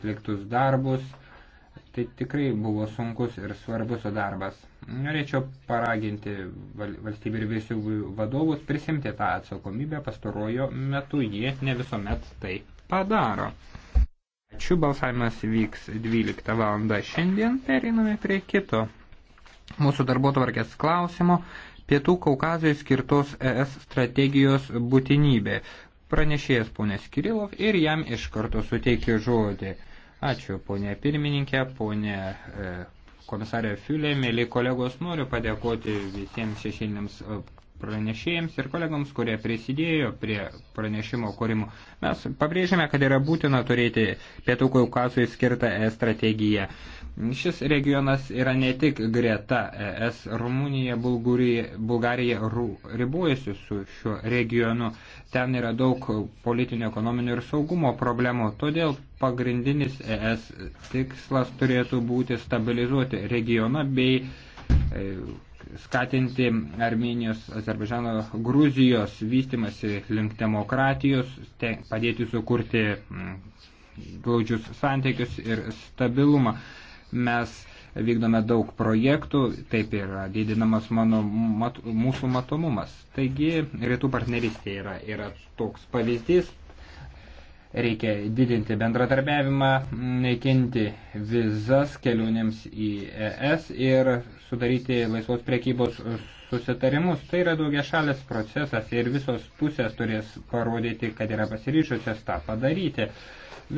atliktus darbus. Tai tikrai buvo sunkus ir svarbus darbas. Norėčiau paraginti valstybė ir visių vadovus prisimti tą atsakomybę, pastarojo metu jie ne visuomet tai padaro. Ačiū, balsavimas vyks 12 val. Šiandien pereiname prie kito mūsų darbo tvarkės klausimo Pietų Kaukazijai skirtos ES strategijos būtinybė. Pranešėjas ponės Kirilov ir jam iš karto suteikiu žodį. Ačiū, ponė pirmininkė, ponė e, komisarė Fiulė, mėly kolegos, noriu padėkoti visiems šešiniams pranešėjams ir kolegoms, kurie prisidėjo prie pranešimo kūrimo. Mes pabrėžiame, kad yra būtina turėti Pietų Kaukasui skirtą e strategiją. Šis regionas yra ne tik greta ES Rumunija, Bulgarija, Bulgarija ribojasi su šiuo regionu. Ten yra daug politinio, ekonominio ir saugumo problemų. Todėl pagrindinis ES tikslas turėtų būti stabilizuoti regioną bei e, skatinti Armenijos, Azerbaidžano, Gruzijos vystimasi link demokratijos, te, padėti sukurti mm, glaudžius santykius ir stabilumą. Mes vykdome daug projektų, taip yra didinamas mano, mat, mūsų matomumas. Taigi, rytų partnerystė yra, yra toks pavyzdys, Reikia didinti bendradarbiavimą, naikinti vizas kelionėms į ES ir sudaryti laisvos priekybos susitarimus. Tai yra daugia šalės procesas ir visos pusės turės parodyti, kad yra pasiryšusios tą padaryti.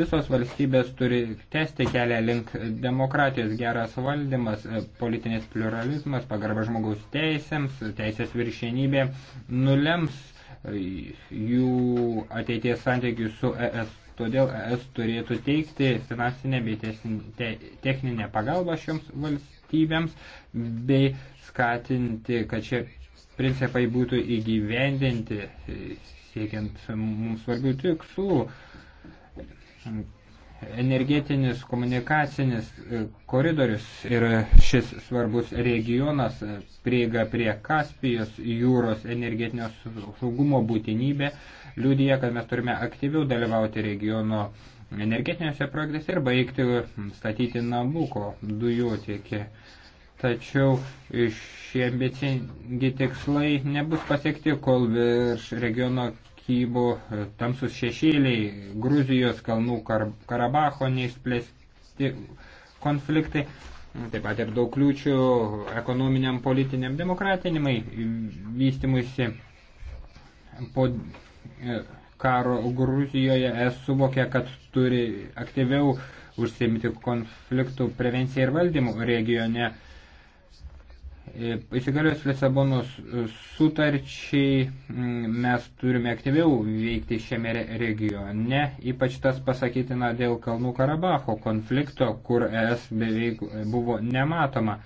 Visos valstybės turi tęsti kelią link demokratijos, geras valdymas, politinės pluralizmas, pagarba žmogaus teisėms, teisės viršienybė nulems jų ateities santykių su ES. Todėl ES turėtų teikti finansinę bei techninę pagalbą šioms valstybėms bei skatinti, kad šie principai būtų įgyvendinti siekiant mums svarbių tikslų energetinis komunikacinis e, koridorius ir šis svarbus regionas e, prieiga prie Kaspijos jūros energetinio saugumo būtinybė liūdija, kad mes turime aktyviau dalyvauti regiono energetiniuose projektuose ir baigti statyti Nabuko dujotiekį. Tačiau šie ambicingi tikslai nebus pasiekti, kol virš regiono valstybių, e, tamsus šešėliai, Gruzijos kalnų Kar Karabacho neišplėsti konfliktai, taip pat ir daug kliūčių ekonominiam, politiniam, demokratinimai vystimuisi po e, karo Gruzijoje es suvokia, kad turi aktyviau užsiimti konfliktų prevenciją ir valdymų regione. E, Įsigalius Lisabonos e, sutarčiai mes turime aktyviau veikti šiame regione, ypač tas pasakytina dėl Kalnų Karabacho konflikto, kur ES beveik buvo nematoma.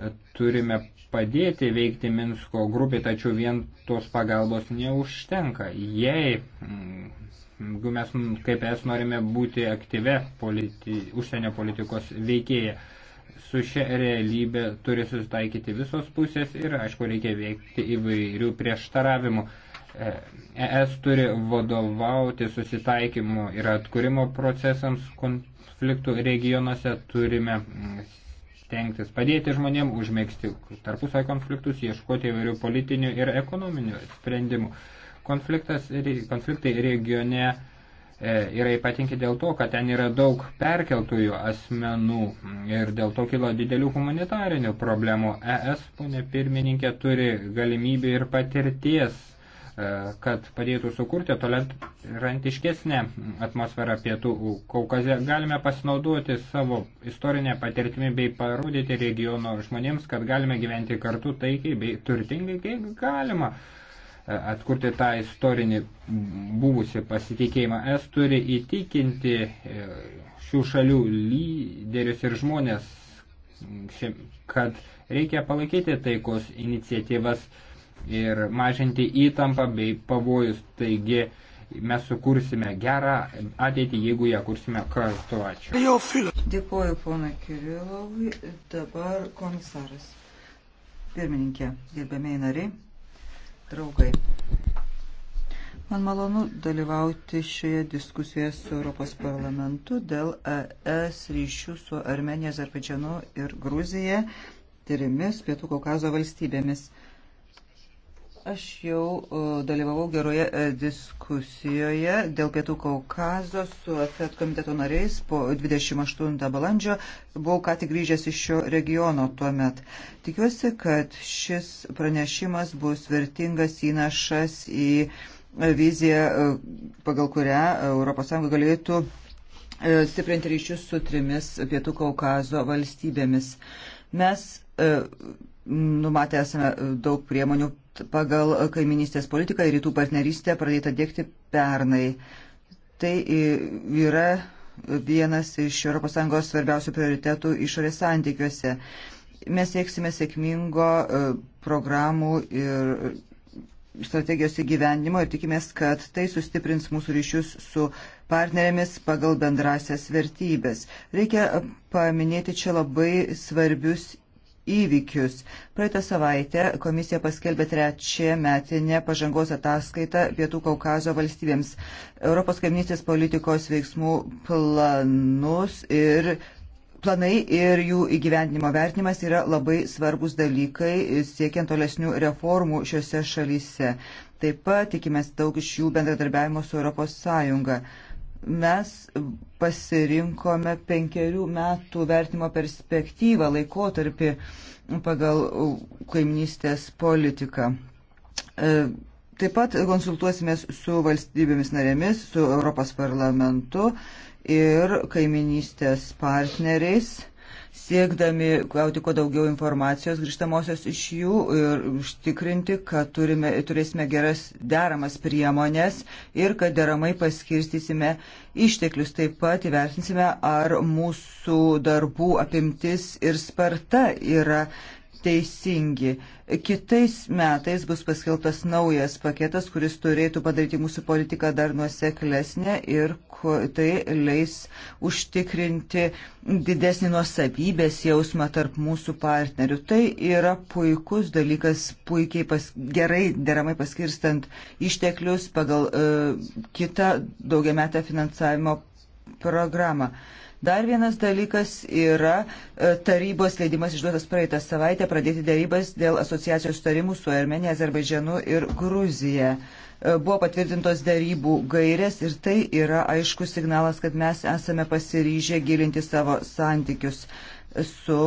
E, turime padėti veikti Minsko grupį, tačiau vien tos pagalbos neužtenka. Jei mes kaip ES norime būti aktyve politi, užsienio politikos veikėja, Su šia realybė turi susitaikyti visos pusės ir, aišku, reikia veikti įvairių prieštaravimų. ES e turi vadovauti susitaikymu ir atkūrimo procesams konfliktų regionuose. Turime mm, stengtis padėti žmonėm, užmėgsti tarpusai konfliktus, ieškoti įvairių politinių ir ekonominių sprendimų. Konfliktas, konfliktai regione E, yra ypatingi dėl to, kad ten yra daug perkeltųjų asmenų ir dėl to kilo didelių humanitarinių problemų. ES, ponė pirmininkė, turi galimybę ir patirties, e, kad padėtų sukurti tolerantiškesnę atmosferą pietų Kaukaze. Galime pasinaudoti savo istorinę patirtimį bei parodyti regiono žmonėms, kad galime gyventi kartu taikiai bei turtingai, kaip galima atkurti tą istorinį buvusi pasitikėjimą. Es turi įtikinti e, šių šalių lyderius ir žmonės, kad reikia palaikyti taikos iniciatyvas ir mažinti įtampą bei pavojus. Taigi mes sukursime gerą ateitį, jeigu ją kursime kartu. Ačiū. Dėkuoju, ponai Kirilovui. Dabar komisaras. Pirmininkė, gerbėmiai nariai draugai. Man malonu dalyvauti šioje diskusijoje su Europos parlamentu dėl ES ryšių su Armenija, Azerbaidžianu ir Gruzija, trimis Pietų Kaukazo valstybėmis. Aš jau e, dalyvavau geroje e, diskusijoje dėl Pietų Kaukazo su FED komiteto nariais po 28 balandžio. Buvau ką tik grįžęs iš šio regiono tuo met. Tikiuosi, kad šis pranešimas bus vertingas įnašas į e, viziją, pagal kurią ES galėtų stiprinti ryšius su trimis Pietų Kaukazo valstybėmis. Mes numatę esame daug priemonių pagal kaiminystės politiką ir rytų partnerystę pradėta dėkti pernai. Tai yra vienas iš ES svarbiausių prioritetų išorės santykiuose. Mes sieksime sėkmingo e, programų ir strategijos įgyvendimo ir tikimės, kad tai sustiprins mūsų ryšius su partnerėmis pagal bendrasias vertybės. Reikia paminėti čia labai svarbius įvykius. Praeitą savaitę komisija paskelbė trečią metinę pažangos ataskaitą Pietų Kaukazo valstybėms, Europos kaiminystės politikos veiksmų planus ir Planai ir jų įgyvendinimo vertinimas yra labai svarbus dalykai siekiant tolesnių reformų šiuose šalyse. Taip pat tikimės daug iš jų bendradarbiavimo su ES. Mes pasirinkome penkerių metų vertimo perspektyvą, laikotarpį pagal kaimnystės politiką. E, taip pat konsultuosimės su valstybėmis narėmis, su Europos parlamentu ir kaiminystės partneriais siekdami gauti kuo daugiau informacijos grįžtamosios iš jų ir užtikrinti, kad turime, turėsime geras deramas priemonės ir kad deramai paskirstysime išteklius. Taip pat įvertinsime, ar mūsų darbų apimtis ir sparta yra teisingi. Kitais metais bus paskeltas naujas paketas, kuris turėtų padaryti mūsų politiką dar nuoseklesnę ir tai leis užtikrinti didesnį nuosavybės jausmą tarp mūsų partnerių. Tai yra puikus dalykas, puikiai pas, gerai deramai paskirstant išteklius pagal uh, kitą daugiametę finansavimo programą. Uh, Dar vienas dalykas yra e, tarybos leidimas išduotas praeitą savaitę pradėti dėrybas dėl asociacijos sutarimų su Armenija, Azerbaidžianu ir Gruzija. E, buvo patvirtintos dėrybų gairės ir tai yra aiškus signalas, kad mes esame pasiryžę gilinti savo santykius su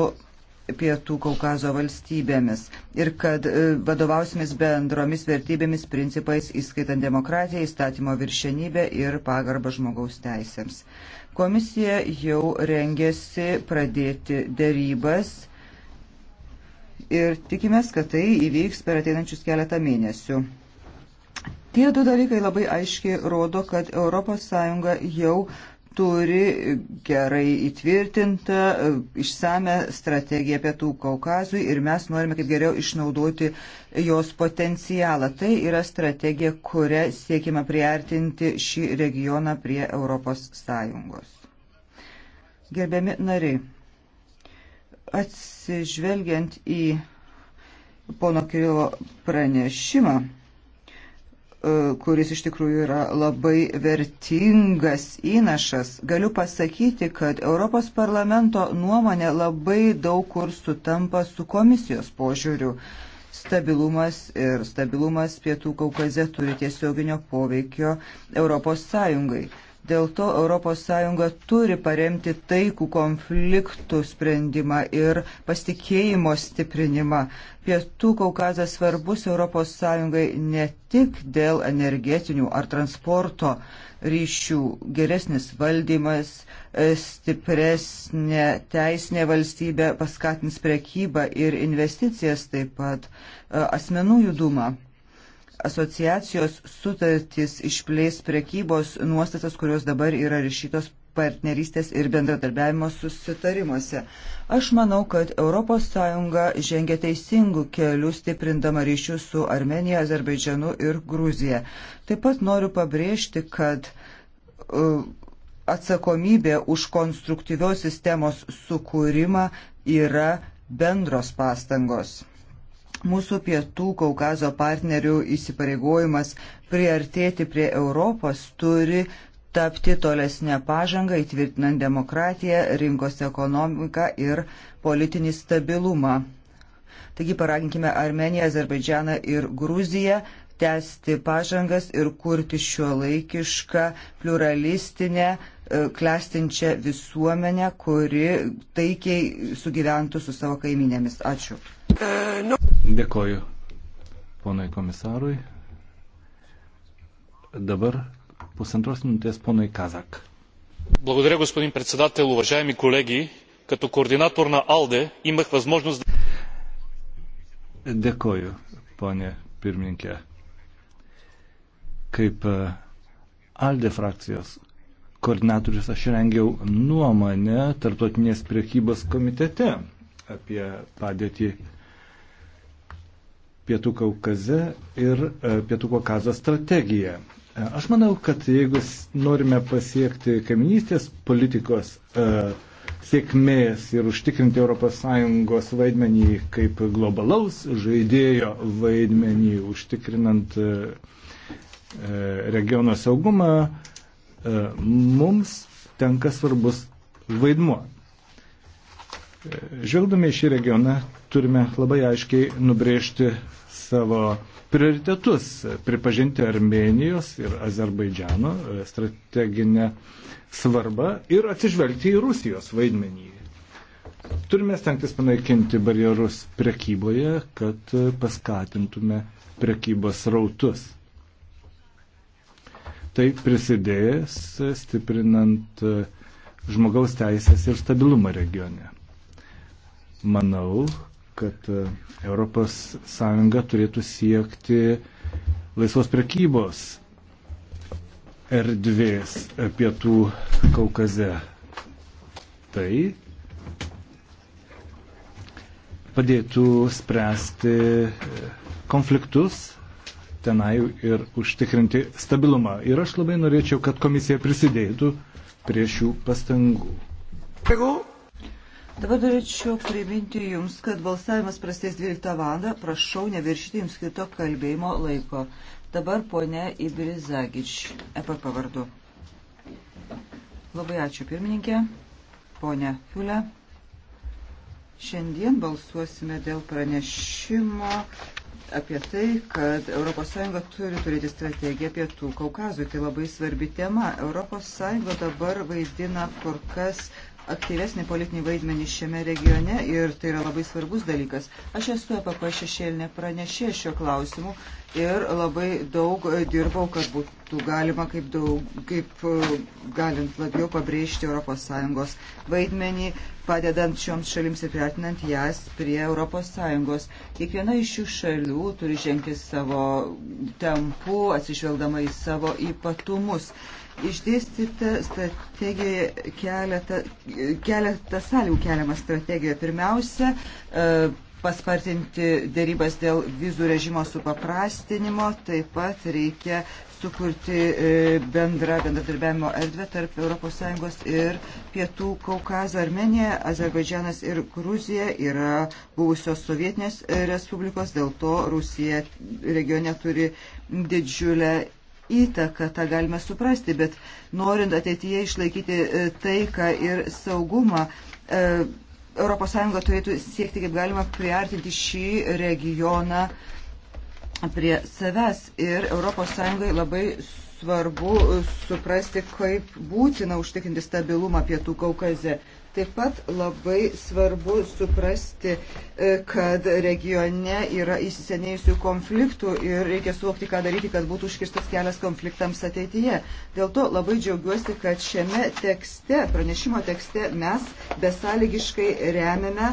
Pietų Kaukazo valstybėmis ir kad e, vadovausimės bendromis vertybėmis, principais, įskaitant demokratiją, įstatymo viršenybę ir pagarbą žmogaus teisėms. Komisija jau rengėsi pradėti dėrybas ir tikimės, kad tai įvyks per ateinančius keletą mėnesių. Tie du dalykai labai aiškiai rodo, kad ES jau turi gerai įtvirtintą, e, išsame strategiją Pietų Kaukazui ir mes norime kaip geriau išnaudoti jos potencialą. Tai yra strategija, kuria siekime priartinti šį regioną prie Europos Sąjungos. Gerbiami nariai, atsižvelgiant į pono Kirilo pranešimą, E, kuris iš tikrųjų yra labai vertingas įnašas. Galiu pasakyti, kad Europos parlamento nuomonė labai daug kur sutampa su komisijos požiūriu. Stabilumas ir stabilumas Pietų Kaukaze turi tiesioginio poveikio Europos Sąjungai. Dėl to ES turi paremti taikų konfliktų sprendimą ir pasitikėjimo stiprinimą. Pietų Kaukazas svarbus ES ne tik dėl energetinių ar transporto ryšių, geresnis valdymas, e, stipresnė teisinė valstybė paskatins prekybą ir investicijas taip pat e, asmenų judumą asociacijos sutartys išplės prekybos nuostatas, kurios dabar yra ryšytos partnerystės ir bendradarbiavimo susitarimuose. Aš manau, kad ES žengia teisingų kelių stiprindama ryšius su Armenija, Azerbaidžianu ir Gruzija. Taip pat noriu pabrėžti, kad uh, atsakomybė už konstruktyvios sistemos sukūrimą yra bendros pastangos mūsų pietų Kaukazo partnerių įsipareigojimas priartėti prie Europos turi tapti tolesnę pažangą įtvirtinant demokratiją, rinkos ekonomiką ir politinį stabilumą. Taigi paraginkime Armeniją, Azerbaidžianą ir Gruziją tęsti pažangas ir kurti šio laikišką, pluralistinę, e, klestinčią visuomenę, kuri taikiai sugyventų su savo kaiminėmis. Ačiū. Dėkoju ponai komisarui. Dabar pusantros minutės ponai Kazak. Благодаря, господин председател. Уважаеми колеги, като координатор на АЛДЕ имах възможност да... Dėkoju, ponė pirmininkė. Kaip ALDE frakcijos koordinatorius aš rengiau nuomonę Tartotinės priekybos komitete apie padėtį Pietų Kaukaze ir e, Pietų Kaukazo strategiją. E, aš manau, kad jeigu norime pasiekti kaiminystės politikos e, sėkmės ir užtikrinti ES vaidmenį kaip globalaus žaidėjo vaidmenį, užtikrinant e, e, regiono saugumą, e, mums tenka svarbus vaidmuo. Žvelgdami į šį regioną turime labai aiškiai nubrėžti savo prioritetus, pripažinti Armenijos ir Azerbaidžiano e, strateginę svarbą ir atsižvelgti į Rusijos vaidmenį. Turime stengtis panaikinti barjerus prekyboje, kad e, paskatintume prekybos rautus. Tai prisidėjęs e, stiprinant žmogaus teisės ir stabilumą regione manau, kad ES turėtų siekti laisvos prekybos erdvės pietų Kaukaze. Tai padėtų spręsti e, konfliktus tenai ir užtikrinti stabilumą. Ir aš labai norėčiau, kad komisija prisidėtų prie šių pastangų. Pegu. Dabar norėčiau priminti Jums, kad balsavimas prasidės 12 val. Prašau neviršyti Jums skirto kalbėjimo laiko. Dabar ponia Ibrizagič, EPP vardu. Labai ačiū pirmininkė, ponia Fiulė. Šiandien balsuosime dėl pranešimo apie tai, kad ES turi turėti strategiją pietų Kaukazui. Tai labai svarbi tema. ES dabar vaidina kur kas aktyvesnį politinį vaidmenį šiame regione ir tai yra labai svarbus dalykas. Aš esu EPP šešėlinė pranešė šiuo klausimu ir labai daug dirbau, kad būtų galima kaip, daug, kaip e, galint labiau pabrėžti ES vaidmenį, padedant šioms šalims ir priartinant jas prie ES. Kiekviena iš šių šalių turi žengti savo tempu, atsižvelgdama į savo ypatumus išdėstyta strategijoje keletą, keletą sąlygų keliamą strategiją. Pirmiausia, e, paspartinti dėrybas dėl vizų režimo supaprastinimo, taip pat reikia sukurti e, bendrą bendradarbiavimo erdvę tarp ES ir Pietų Kaukazo. Armenija, Azerbaidžianas ir Gruzija yra buvusios sovietinės e, respublikos, dėl to Rusija regione turi didžiulę įtaką, tą galime suprasti, bet norint ateityje išlaikyti e, taiką ir saugumą, ES turėtų siekti, kaip galima, priartinti šį regioną prie savęs ir ES labai svarbu e, suprasti, kaip būtina užtikrinti stabilumą pietų Kaukaze. Taip pat labai svarbu suprasti, e, kad regione yra įsisenėjusių konfliktų ir reikia suvokti, ką daryti, kad būtų užkirstas kelias konfliktams ateityje. Dėl to labai džiaugiuosi, kad šiame tekste, pranešimo tekste mes besąlygiškai remiame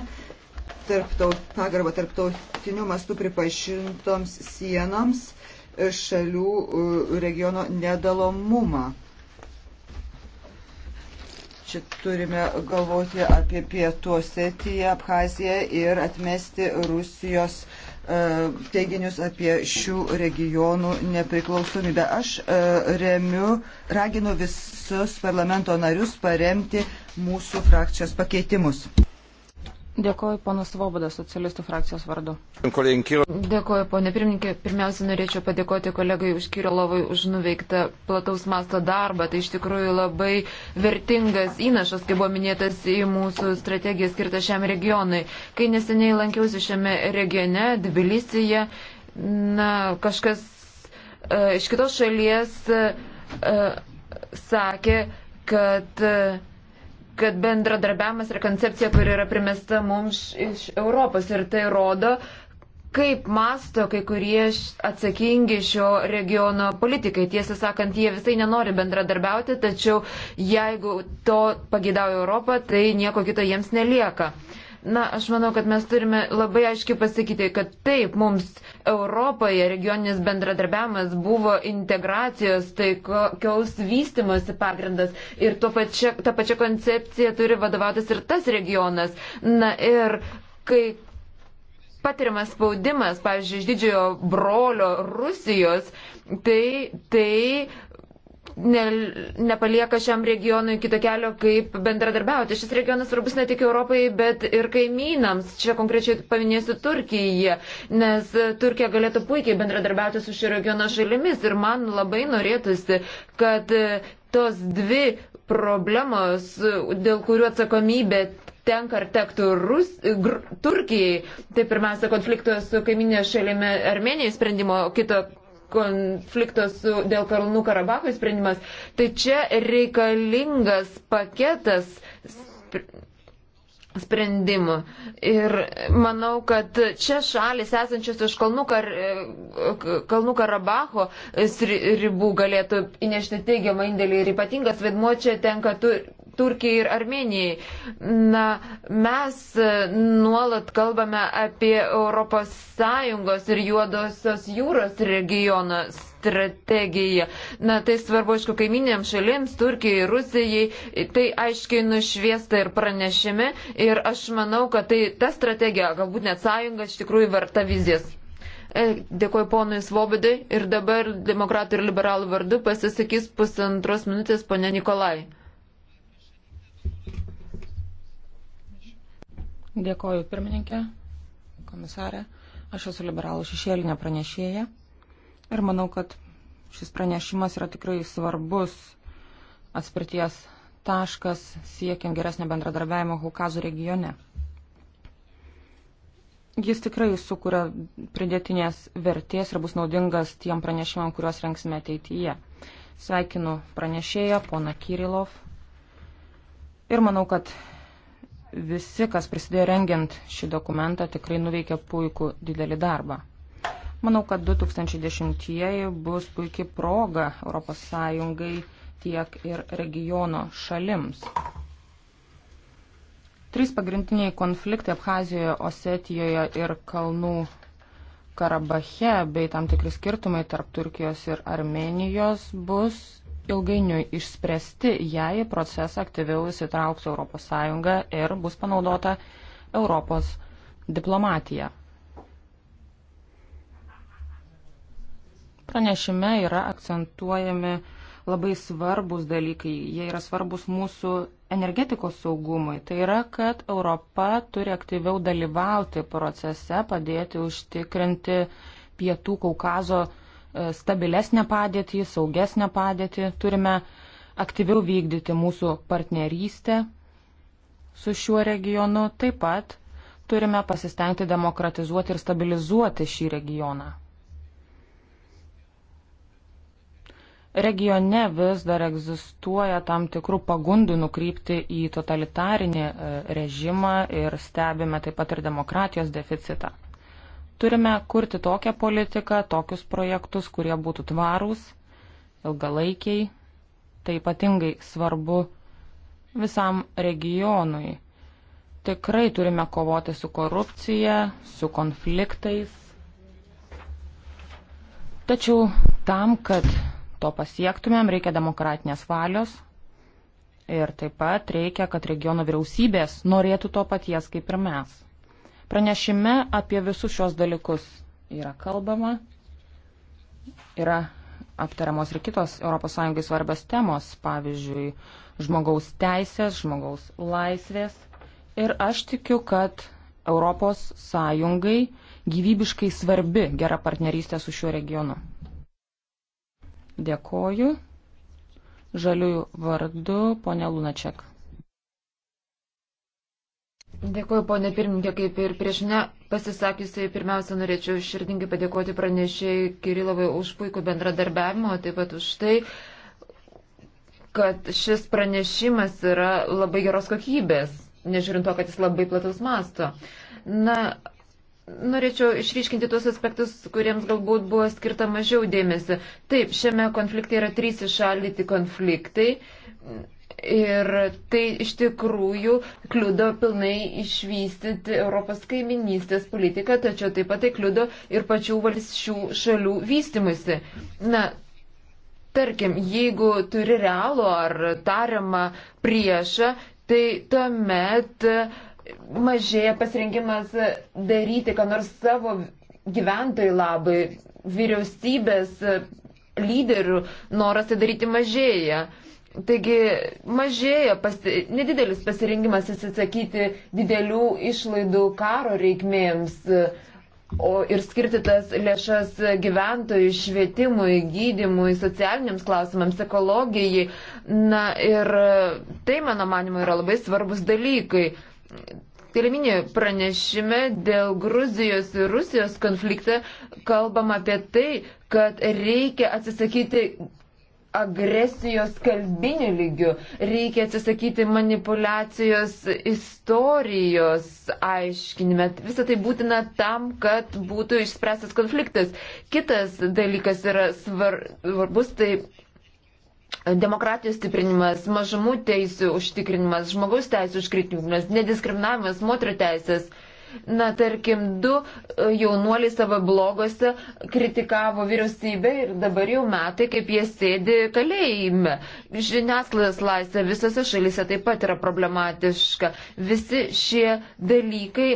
tarptaut, pagarbą tarptautiniu mastu pripažintoms sienoms e, šalių e, regiono nedalomumą Čia turime galvoti apie Pietų Osetiją, Abhaziją ir atmesti Rusijos e, teiginius apie šių regionų nepriklausomybę. Aš e, remiu, raginu visus parlamento narius paremti mūsų frakcijos pakeitimus. Dėkoju, ponas Svoboda, socialistų frakcijos vardu. Dėkoju, ponė pirmininkė. Pirmiausia, norėčiau padėkoti kolegai už Kirilovui už nuveiktą plataus masto darbą. Tai iš tikrųjų labai vertingas įnašas, kaip buvo minėtas, į mūsų strategiją skirtą šiam regionui. Kai neseniai lankiausi šiame regione, Dbilisyje, na, kažkas uh, iš kitos šalies uh, sakė, kad uh, kad bendradarbiavimas yra koncepcija, kuri yra primesta mums iš Europos ir tai rodo, kaip masto kai kurie atsakingi šio regiono politikai. Tiesą sakant, jie visai nenori bendradarbiauti, tačiau jeigu to pagidauja Europą, tai nieko kito jiems nelieka. Na, aš manau, kad mes turime labai aiškiai pasakyti, kad taip, mums Europoje regioninis bendradarbiavimas buvo integracijos, taikiaus vystimosi pagrindas ir pačia, ta pačia koncepcija turi vadovautis ir tas regionas. Na ir kai patiriamas spaudimas, pavyzdžiui, iš didžiojo brolio Rusijos, tai, tai ne, nepalieka šiam regionui kito kelio, kaip bendradarbiauti. Šis regionas svarbus ne tik Europai, bet ir kaimynams. Čia konkrečiai paminėsiu Turkiją, nes Turkija galėtų puikiai bendradarbiauti su šio regiono šalimis ir man labai norėtųsi, kad tos dvi problemos, dėl kurių atsakomybė tenka ar tektų Rus, gr, Turkijai, tai pirmiausia konflikto su kaiminė šalimi Armenijai sprendimo, kito konflikto su, dėl Kalnų Karabakų sprendimas, tai čia reikalingas paketas sprendimų. Ir manau, kad čia šalis esančios už Kalnų, Kar, Kalnų Karabacho ribų galėtų įnešti teigiamą indėlį ir ypatingas vaidmuo čia tenka tur, Turkijai ir Armenijai. Na, mes e, nuolat kalbame apie ES ir Juodosios jūros regiono strategiją. Na, tai svarbu, aišku, kaiminėms šalims, Turkijai, Rusijai, tai aiškiai nušviesta ir pranešime. Ir aš manau, kad tai ta strategija, galbūt net sąjunga, iš tikrųjų verta vizijas. E, Dėkuoju ponui Svobidai ir dabar demokratų ir liberalų vardu pasisakys pusantros minutės ponė Nikolai. Dėkoju pirmininkė, komisarė. Aš esu liberalų šešėlinė pranešėja ir manau, kad šis pranešimas yra tikrai svarbus atspirties taškas siekiant geresnio bendradarbiavimo Kaukazų regione. Jis tikrai sukuria pridėtinės vertės ir bus naudingas tiem pranešimam, kuriuos renksime ateityje. Sveikinu pranešėją, pona Kirilov. Ir manau, kad visi, kas prisidėjo rengiant šį dokumentą, tikrai nuveikė puikų didelį darbą. Manau, kad 2010-ieji bus puikiai proga ES tiek ir regiono šalims. Trys pagrindiniai konfliktai Abhazijoje, Osetijoje ir Kalnų Karabache bei tam tikri skirtumai tarp Turkijos ir Armenijos bus ilgainiui išspręsti, jei į procesą aktyviau įsitrauks ES ir bus panaudota Europos diplomatija. Pranešime yra akcentuojami labai svarbus dalykai, jie yra svarbus mūsų energetikos saugumui. Tai yra, kad Europa turi aktyviau dalyvauti procese, padėti užtikrinti pietų Kaukazo stabilesnę padėtį, saugesnę padėtį, turime aktyviau vykdyti mūsų partnerystę su šiuo regionu, taip pat turime pasistengti demokratizuoti ir stabilizuoti šį regioną. Regione vis dar egzistuoja tam tikrų pagundų nukrypti į totalitarinį e, režimą ir stebime taip pat ir demokratijos deficitą. Turime kurti tokią politiką, tokius projektus, kurie būtų tvarūs, ilgalaikiai. Tai ypatingai svarbu visam regionui. Tikrai turime kovoti su korupcija, su konfliktais. Tačiau tam, kad to pasiektumėm, reikia demokratinės valios, Ir taip pat reikia, kad regiono vyriausybės norėtų to paties kaip ir mes. Pranešime apie visus šios dalykus yra kalbama, yra aptariamos ir kitos ES svarbios temos, pavyzdžiui, žmogaus teisės, žmogaus laisvės. Ir aš tikiu, kad ES gyvybiškai svarbi gera partnerystė su šiuo regionu. Dėkoju. Žaliųjų vardu, ponė Lunaček. Dėkuoju, ponė pirmininkė, kaip ir prieš ne pasisakysiai, pirmiausia, norėčiau širdingai padėkoti pranešėjai Kirilovai už puikų bendradarbiavimą, taip pat už tai, kad šis pranešimas yra labai geros kokybės, nežiūrint to, kad jis labai plataus masto. Na, Norėčiau išryškinti tuos aspektus, kuriems galbūt buvo skirta mažiau dėmesio. Taip, šiame konflikte yra trys išaldyti konfliktai. Ir tai iš tikrųjų kliudo pilnai išvystyti Europos kaiminystės politiką, tačiau taip pat tai kliudo ir pačių valstybių šalių vystimusi. Na, tarkim, jeigu turi realų ar tariamą priešą, tai tuomet mažėja pasirinkimas daryti, ką nors savo gyventojų labai, vyriausybės lyderių noras tai daryti mažėja. Taigi mažėja pasi, nedidelis pasirinkimas atsisakyti didelių išlaidų karo reikmėms o, ir skirti tas lėšas gyventojų švietimui, gydimui, socialiniams klausimams, ekologijai. Na ir tai, mano manimo, yra labai svarbus dalykai. Teleminė pranešime dėl Gruzijos ir Rusijos konflikte kalbam apie tai, kad reikia atsisakyti agresijos kalbinių lygių, reikia atsisakyti manipulacijos istorijos aiškinime. Visą tai būtina tam, kad būtų išspręstas konfliktas. Kitas dalykas yra svarbus, tai demokratijos stiprinimas, mažumų teisų užtikrinimas, žmogaus teisų užtikrinimas, nediskriminavimas, moterų teisės. Na, tarkim, du e, jaunuoliai savo blogose kritikavo vyriausybę ir dabar jau metai, kaip jie sėdi kalėjime. Žiniasklaidos laisvė visose šalyse taip pat yra problematiška. Visi šie dalykai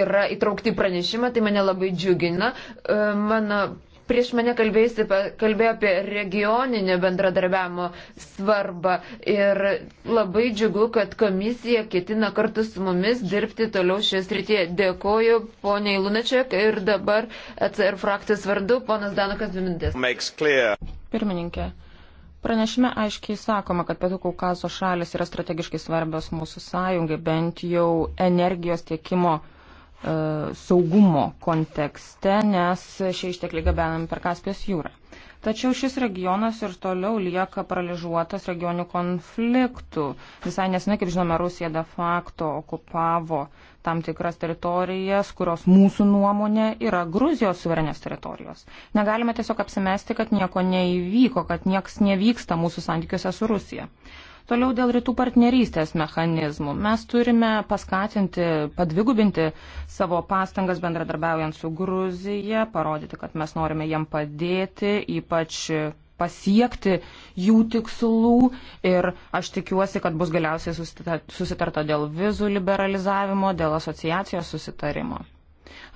yra įtraukti pranešimą, tai mane labai džiugina. E, mano prieš mane kalbėjusi kalbėjo apie regioninio bendradarbiavimo svarbą ir labai džiugu, kad komisija ketina kartu su mumis dirbti toliau šioje srityje. Dėkoju poniai Lunačiak ir dabar ECR frakcijos vardu ponas Danukas Dvimintės. Pirmininkė. Pranešime aiškiai sakoma, kad Pietų Kaukazo šalis yra strategiškai svarbios mūsų sąjungai, bent jau energijos tiekimo E, saugumo kontekste, nes šie ištekliai gabenami per Kaspijos jūrą. Tačiau šis regionas ir toliau lieka paralyžuotas regionių konfliktų. Visai nesinai, kaip žinome, Rusija de facto okupavo tam tikras teritorijas, kurios mūsų nuomonė yra Gruzijos suverenės teritorijos. Negalime tiesiog apsimesti, kad nieko neįvyko, kad nieks nevyksta mūsų santykiuose su Rusija. Toliau dėl rytų partnerystės mechanizmų. Mes turime paskatinti, padvigubinti savo pastangas bendradarbiaujant su Gruzija, parodyti, kad mes norime jam padėti, ypač pasiekti jų tikslų ir aš tikiuosi, kad bus galiausiai susitarta dėl vizų liberalizavimo, dėl asociacijos susitarimo.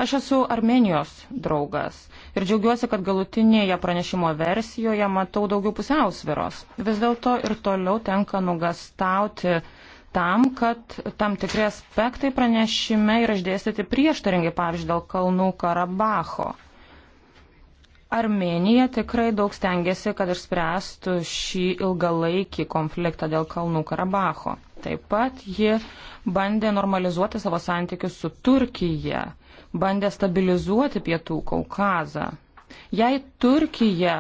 Aš esu Armenijos draugas ir džiaugiuosi, kad galutinėje pranešimo versijoje matau daugiau pusiausviros. Vis dėlto ir toliau tenka nugastauti tam, kad tam tikri aspektai pranešime yra išdėstyti prieštaringai, pavyzdžiui, dėl Kalnų Karabacho. Armenija tikrai daug stengiasi, kad išspręstų šį ilgalaikį konfliktą dėl Kalnų Karabacho. Taip pat ji bandė normalizuoti savo santykius su Turkija bandė stabilizuoti pietų Kaukazą. Jei Turkija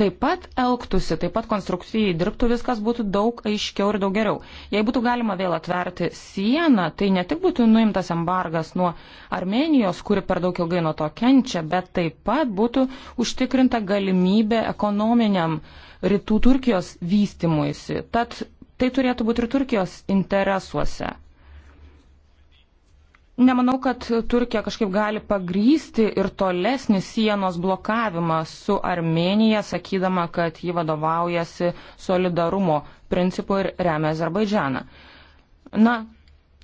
taip pat elgtųsi, taip pat konstruktyviai dirbtų, viskas būtų daug aiškiau ir daug geriau. Jei būtų galima vėl atverti sieną, tai ne tik būtų nuimtas embargas nuo Armenijos, kuri per daug ilgai nuo to kenčia, bet taip pat būtų užtikrinta galimybė ekonominiam rytų Turkijos vystimuisi. Tad tai turėtų būti ir Turkijos interesuose. Nemanau, kad Turkija kažkaip gali pagrysti ir tolesnį sienos blokavimą su Armenija, sakydama, kad ji vadovaujasi solidarumo principu ir remia Azerbaidžianą. Na,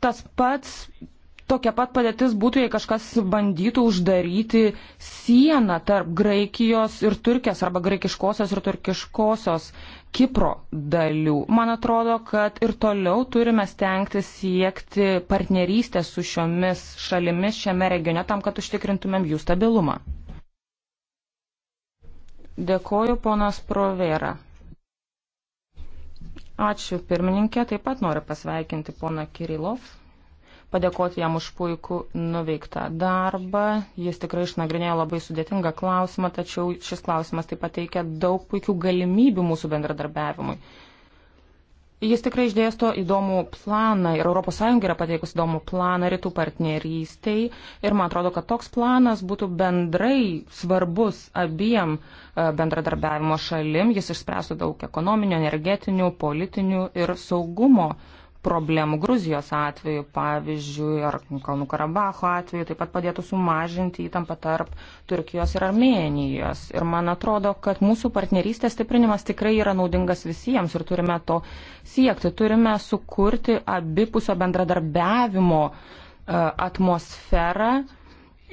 tas pats, tokia pat padėtis būtų, jei kažkas bandytų uždaryti sieną tarp Graikijos ir Turkijos arba graikiškosios ir turkiškosios Kipro dalių. Man atrodo, kad ir toliau turime stengtis siekti partnerystę su šiomis šalimis šiame regione tam, kad užtikrintumėm jų stabilumą. Dėkoju, ponas Provera. Ačiū pirmininkė, taip pat noriu pasveikinti poną Kirilov padėkoti jam už puikų nuveiktą darbą. Jis tikrai išnagrinėjo labai sudėtingą klausimą, tačiau šis klausimas taip pat teikia daug puikių galimybių mūsų bendradarbiavimui. Jis tikrai išdėsto įdomų planą ir ES yra pateikus įdomų planą rytų partnerystiai ir man atrodo, kad toks planas būtų bendrai svarbus abiem e, bendradarbiavimo šalim. Jis išspręstų daug ekonominių, energetinių, politinių ir saugumo uh, problemų Gruzijos atveju, pavyzdžiui, ar Kalnų Karabacho atveju, taip pat padėtų sumažinti įtampą tarp Turkijos ir Armenijos. Ir man atrodo, kad mūsų partnerystės stiprinimas tikrai yra naudingas visiems ir turime to siekti. Turime sukurti abipusio bendradarbiavimo e, atmosferą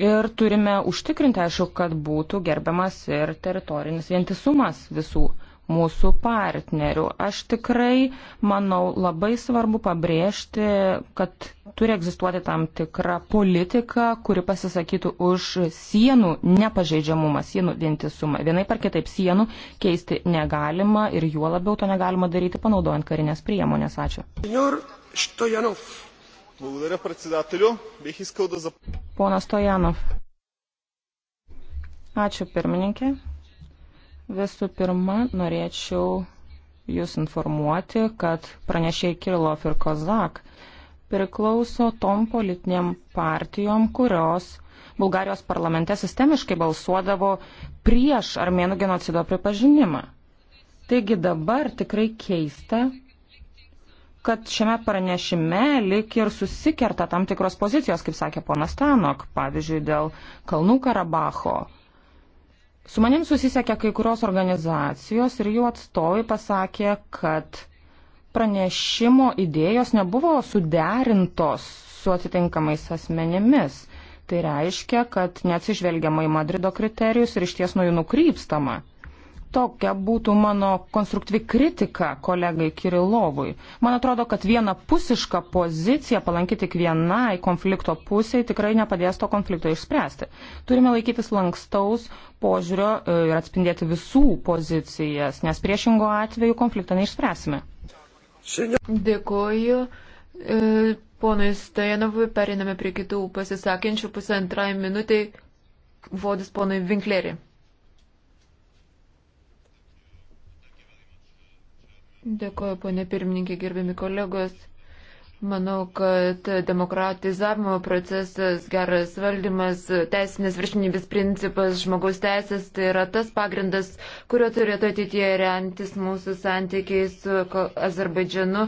ir turime užtikrinti, aišku, kad būtų gerbiamas ir teritorinis vientisumas visų mūsų partnerių. Aš tikrai manau labai svarbu pabrėžti, kad turi egzistuoti tam tikra politika, kuri pasisakytų už sienų nepažeidžiamumą, sienų vientisumą. Vienai par kitaip sienų keisti negalima ir juo labiau to negalima daryti panaudojant karinės priemonės. Ačiū. Благодаря, председателю. Бих искал да зап... Пона Стоянов. Ačiū, pirmininkė. Visų pirma, norėčiau Jūs informuoti, kad pranešiai Kirilov ir Kozak priklauso tom politiniam partijom, kurios Bulgarijos parlamente sistemiškai balsuodavo prieš armėnų genocido pripažinimą. Taigi dabar tikrai keista, kad šiame pranešime lik ir susikerta tam tikros pozicijos, kaip sakė ponas Tanok, pavyzdžiui, dėl Kalnų Karabacho Su manim susisiekė kai kurios organizacijos ir jų atstovai pasakė, kad pranešimo idėjos nebuvo suderintos su atitinkamais asmenimis. Tai reiškia, kad neatsižvelgiama į Madrido kriterijus ir iš ties nuo jų nukrypstama. Tokia būtų mano konstruktyvi kritika kolegai Kirilovui. Man atrodo, kad viena pusiška pozicija palanki tik vienai konflikto pusiai tikrai nepadės to konflikto išspręsti. Turime laikytis lankstaus požiūrio e, ir atspindėti visų pozicijas, nes priešingo atveju konfliktą neišspręsime. Dėkoju. E, ponui Stajanovui periname prie kitų pasisakinčių pusantrai minutiai. Vodis ponui Vinklerį. Dėkuoju, ponė pirmininkė, gerbiami kolegos. Manau, kad demokratizavimo procesas, geras valdymas, teisinės viršinybės principas, žmogaus teisės tai yra tas pagrindas, kurio turėtų ateityje remtis mūsų santykiai su Azerbaidžianu,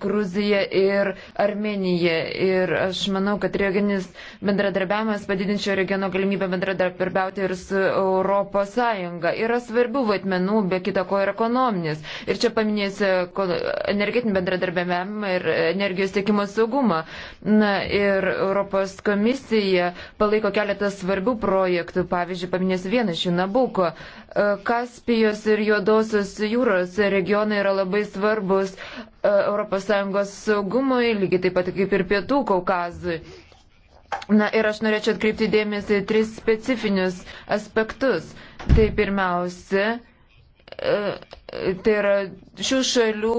Gruzija ir Armenija. Ir aš manau, kad regioninis bendradarbiavimas padidinčio regiono galimybę bendradarbiauti ir su Europos Sąjunga. Yra svarbių vaidmenų, be kita ko ir ekonominis. Ir čia paminėsiu energetinį bendradarbiavimą ir energijos energijos tiekimo saugumą. Na ir Europos komisija palaiko keletą svarbių projektų, pavyzdžiui, paminėsiu vieną iš jų Nabuko. E, Kaspijos ir Juodosios jūros regionai yra labai svarbus ES saugumui, lygiai taip pat kaip ir Pietų Kaukazui. Na ir aš norėčiau atkreipti dėmesį į tris specifinius aspektus. Tai pirmiausia, Tai yra šių šalių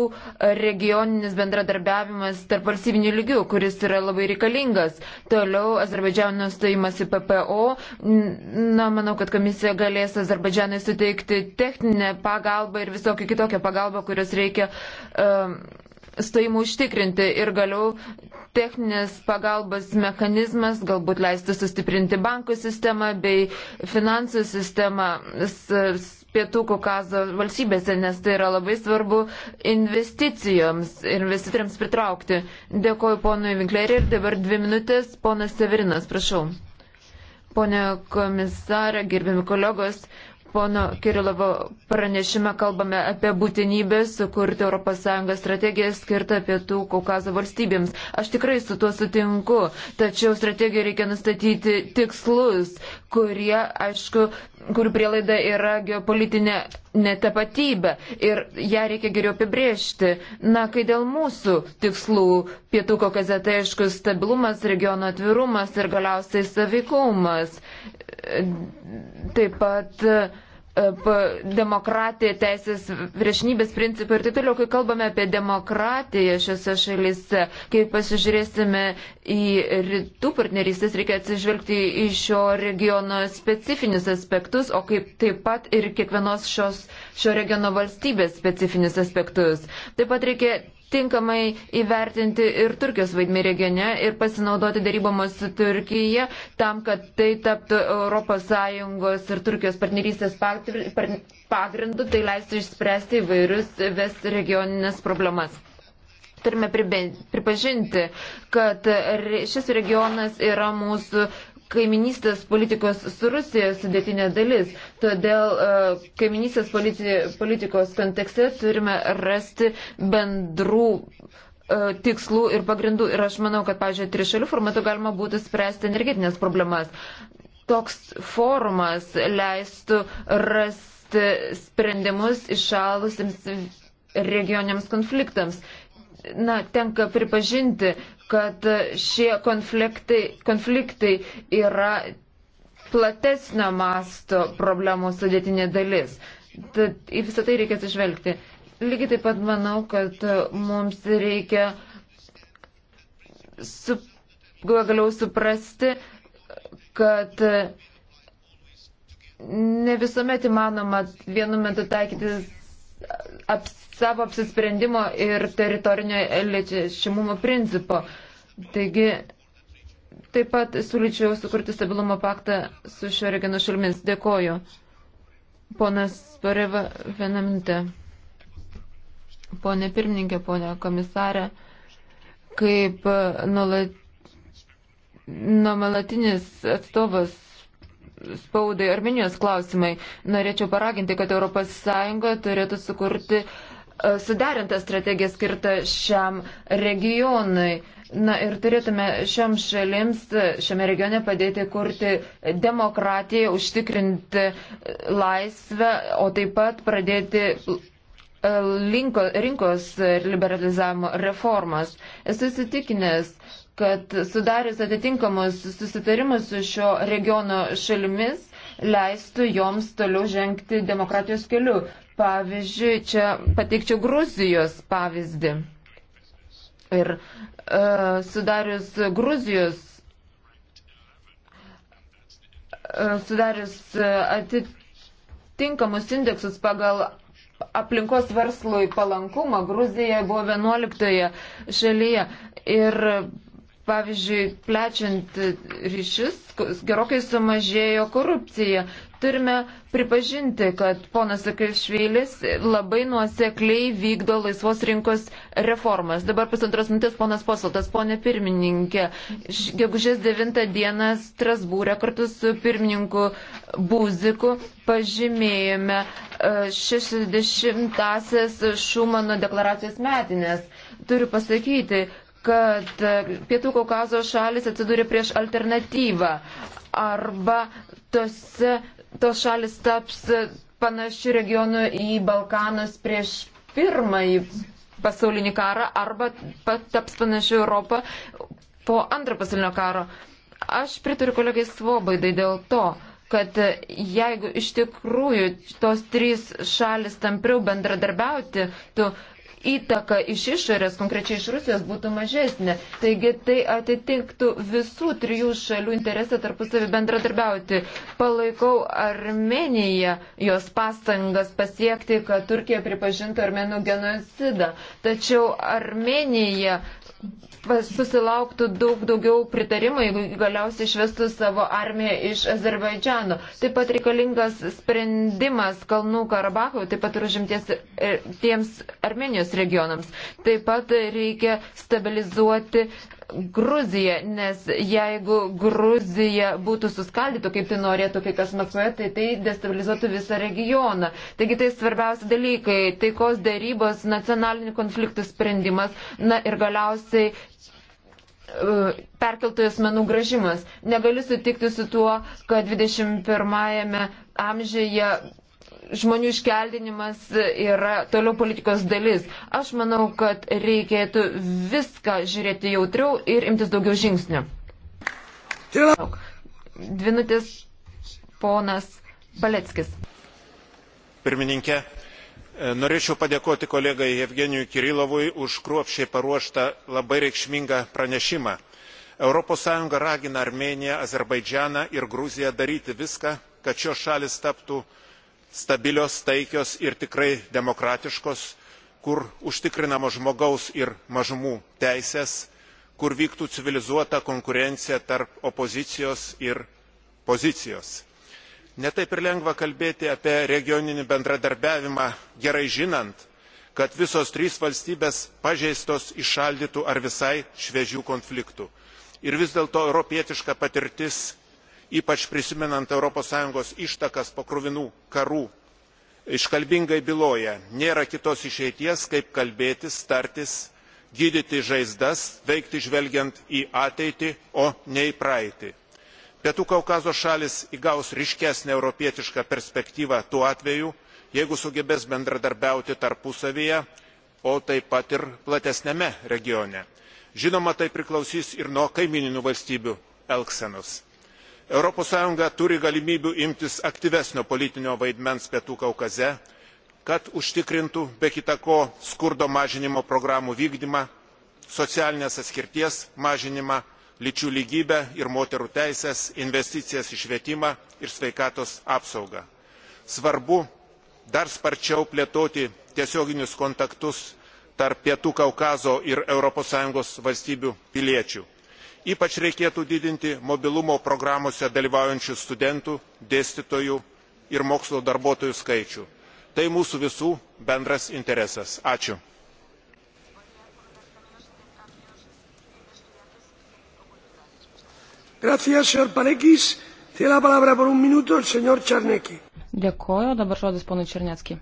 regioninis bendradarbiavimas tarp valstybinių lygių, kuris yra labai reikalingas. Toliau Azerbaidžiano stojimas į PPO. Na, manau, kad komisija galės Azerbaidžianai suteikti techninę pagalbą ir visokią kitokią pagalbą, kurios reikia. Um, stojimų užtikrinti ir galiau techninės pagalbos mechanizmas galbūt leisti sustiprinti bankų sistemą bei finansų sistemą Pietų Kaukazo valstybėse, nes tai yra labai svarbu investicijoms, investitoriams pritraukti. Dėkoju ponui Vinkleriui ir dabar dvi minutės, ponas Severinas, prašau. Pone komisarė, gerbiami kolegos, pono Kirilovo pranešime kalbame apie būtinybę sukurti ES strategiją skirtą pietų Kaukazo valstybėms. Aš tikrai su tuo sutinku, tačiau strategiją reikia nustatyti tikslus, kurie, aišku, kurių prielaida yra geopolitinė netapatybė ir ją reikia geriau apibriežti. Na, kai dėl mūsų tikslų pietų Kaukaze, tai aišku, stabilumas, regiono atvirumas ir galiausiai savykumas. Taip pat E, demokratija, teisės viršnybės principai ir taip toliau, kai kalbame apie demokratiją šiuose šalyse, kai pasižiūrėsime į rytų partnerystės, reikia atsižvelgti į šio regiono specifinius aspektus, o kaip taip pat ir kiekvienos šios, šio regiono valstybės specifinius aspektus. Taip pat reikia tinkamai įvertinti ir Turkijos vaidmį regione ir pasinaudoti darybomus su Turkija tam, kad tai taptų ES ir Turkijos partnerystės pagrindu, tai leistų išspręsti įvairius ves regioninės problemas turime pripažinti, kad šis regionas yra mūsų kaiminystės politikos su Rusija sudėtinė dalis. Todėl e, kaiminystės politi politikos kontekste turime rasti bendrų e, tikslų ir pagrindų. Ir aš manau, kad, pažiūrėjau, trišalių formatų galima būtų spręsti energetinės problemas. Toks forumas leistų rasti sprendimus išalusiems regioniams konfliktams na, tenka pripažinti, kad šie konfliktai, konfliktai yra platesnio masto problemų sudėtinė dalis. Tad į visą tai reikia atsižvelgti. Lygiai taip pat manau, kad mums reikia su, galiau suprasti, kad ne visuomet įmanoma vienu metu taikytis ap, savo apsisprendimo ir teritorinio liečiamumo principo. Taigi, taip pat siūlyčiau sukurti stabilumo paktą su šio regiono šalimis. Dėkoju. Ponas Pareva, vieną minutę. Pone pirmininkė, pone komisarė, kaip nuolat nuo malatinis atstovas spaudai Arminijos klausimai, norėčiau paraginti, kad ES turėtų sukurti e, suderintą strategiją skirtą šiam regionui. Na ir turėtume šiam šalims, e, šiame regione padėti kurti demokratiją, užtikrinti e, laisvę, o taip pat pradėti linko, rinkos liberalizavimo reformas. Esu įsitikinęs, kad sudarius atitinkamus susitarimus su šio regiono šalimis leistų joms toliau žengti demokratijos keliu. Pavyzdžiui, čia pateikčiau Gruzijos pavyzdį. Ir e, sudarius Gruzijos, e, sudarius atitinkamus indeksus pagal aplinkos verslui palankumą, Gruzija buvo 11 šalyje. Ir Pavyzdžiui, plečiant ryšius, gerokai sumažėjo korupcija. Turime pripažinti, kad ponas Akašvėlis labai nuosekliai vykdo laisvos rinkos reformas. Dabar pusantros mintis ponas Posaltas, ponė pirmininkė. Gegužės 9 dieną Strasbūrė kartu su pirmininku Būziku pažymėjome 60-asias e, Šumano deklaracijos metinės. Turiu pasakyti, kad Pietų Kaukazo šalis atsidūrė prieš alternatyvą arba tos, tos šalis taps panašių regionų į Balkanus prieš pirmąjį pasaulinį karą arba taps panašių Europą po antrojo pasaulinio karo. Aš pritariu kolegai Svobaidai dėl to, kad jeigu iš tikrųjų tos trys šalis tampriau bendradarbiauti, tu įtaka iš išorės, konkrečiai iš Rusijos, būtų mažesnė. Taigi tai atitiktų visų trijų šalių interesą tarpusavį bendradarbiauti. Palaikau Armeniją, jos pastangas pasiekti, kad Turkija pripažintų armenų genocidą. Tačiau Armenija susilauktų daug daugiau pritarimo, jeigu galiausiai išvestų savo armiją iš Azerbaidžiano. Taip pat reikalingas sprendimas Kalnų Karabachui, taip pat ir užimties e, tiems Armenijos regionams. Taip pat reikia stabilizuoti Gruziją, nes jeigu Gruzija būtų suskaldytų, kaip tai norėtų kai kas Maskvoje, tai tai destabilizuotų visą regioną. Taigi tai svarbiausi dalykai - taikos dėrybos, nacionalinių konfliktų sprendimas, na ir galiausiai e, perkeltųjų asmenų gražimas. Negaliu sutikti su tuo, kad 21-ame amžiuje žmonių iškeldinimas yra toliau politikos dalis. Aš manau, kad reikėtų viską žiūrėti jautriau ir imtis daugiau žingsnių. Dvinutis ponas Paleckis. Pirmininkė, norėčiau padėkoti kolegai Evgenijui Kirilovui už kruopšiai paruoštą labai reikšmingą pranešimą. ES ragina Armeniją, Azerbaidžianą ir Gruziją daryti viską, kad šios šalis taptų stabilios taikios ir tikrai demokratiškos kur užtikrinamos žmogaus ir mažumų teisės kur vyktų civilizuota konkurencija tarp opozicijos ir pozicijos. ne taip ir lengva kalbėti apie regioninį bendradarbiavimą gerai žinant kad visos trys valstybės pažeistos įšaldytų ar visai šviežių konfliktų ir vis dėlto europietiška patirtis ypač prisimenant europos sąjungos ištakas po kruvinų karų iškalbingai byloja nėra kitos išeities kaip kalbėtis tartis gydyti žaizdas veikti žvelgiant į ateitį o ne į praeitį. pietų kaukazo šalys įgaus ryškesnę europietišką perspektyvą tuo atveju jeigu sugebės bendradarbiauti tarpusavyje o taip pat ir platesniame regione. žinoma tai priklausys ir nuo kaimyninių valstybių elgsenos europos sąjunga turi galimybių imtis aktyvesnio politinio vaidmens pietų kaukaze kad užtikrintų be kita ko skurdo mažinimo programų vykdymą socialinės atskirties mažinimą lyčių lygybę ir moterų teises investicijas į švietimą ir sveikatos apsaugą. svarbu dar sparčiau plėtoti tiesioginius kontaktus tarp pietų kaukazo ir europos sąjungos valstybių piliečių ypač reikėtų didinti mobilumo programose dalyvaujančių studentų dėstytojų ir mokslo darbuotojų skaičių. tai mūsų visų bendras interesas. ačiū. Dėkoju, dabar žodis ponui Černeckiai.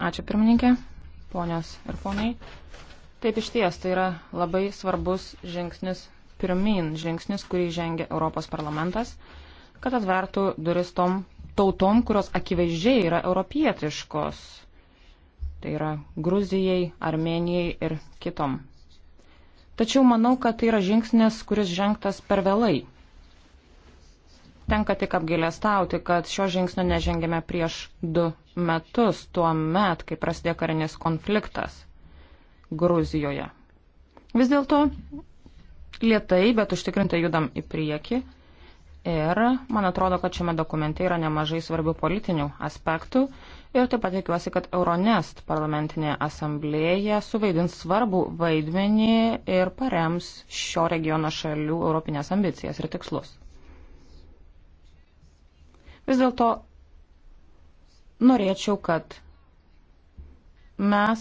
Ačiū pirmininkė ponios ir ponai. Taip iš ties, tai yra labai svarbus žingsnis pirmin, žingsnis, kurį žengia Europos parlamentas, kad atvertų duris tom tautom, kurios akivaizdžiai yra europietiškos. Tai yra Gruzijai, Armenijai ir kitom. Tačiau manau, kad tai yra žingsnis, kuris žengtas per vėlai. Tenka tik apgailestauti, kad šio žingsnio nežengėme prieš du metus, tuo met, kai prasidėjo karinis konfliktas Gruzijoje. Vis dėlto lietai, bet užtikrintai judam į priekį. Ir man atrodo, kad šiame dokumente yra nemažai svarbių politinių aspektų. Ir taip pat tikiuosi, kad Euronest parlamentinė asamblėja suvaidins svarbų vaidmenį ir parems šio regiono šalių europinės ambicijas ir tikslus. Vis dėlto norėčiau, kad mes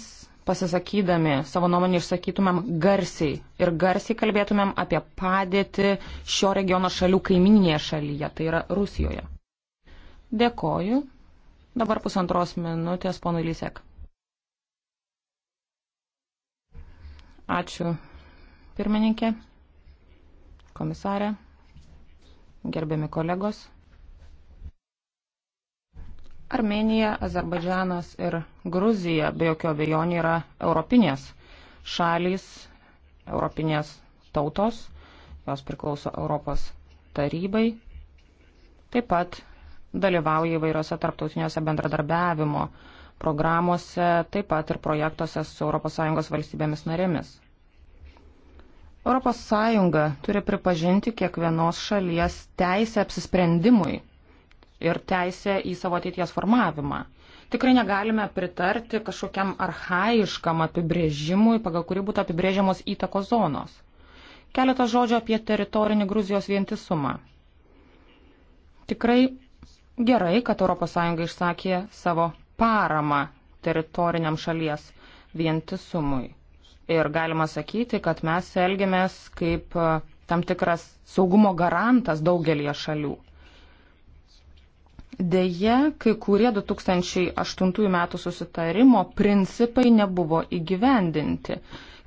pasisakydami savo nuomonį išsakytumėm garsiai ir garsiai kalbėtumėm apie padėtį šio regiono šalių kaimininėje šalyje, tai yra Rusijoje. Dėkoju. Dabar pusantros minutės, ponui Lysek. Ačiū, pirmininkė, komisarė, gerbiami kolegos. Armenija, Azerbaidžanas ir Gruzija be jokio abejonė yra europinės šalys, europinės tautos, jos priklauso Europos tarybai, taip pat dalyvauja įvairiose tarptautiniuose bendradarbiavimo programuose, taip pat ir projektuose su ES valstybėmis narėmis. ES turi pripažinti kiekvienos šalies teisę apsisprendimui ir teisę į savo ateities formavimą. Tikrai negalime pritarti kažkokiam arhaiškam apibrėžimui, pagal kurį būtų apibrėžiamos įtakos zonos. Keletą žodžių apie teritorinį Gruzijos vientisumą. Tikrai gerai, kad ES išsakė savo paramą teritoriniam šalies vientisumui. Ir galima sakyti, kad mes elgiamės kaip e, tam tikras saugumo garantas daugelie šalių. Deja, kai kurie 2008 metų susitarimo principai nebuvo įgyvendinti.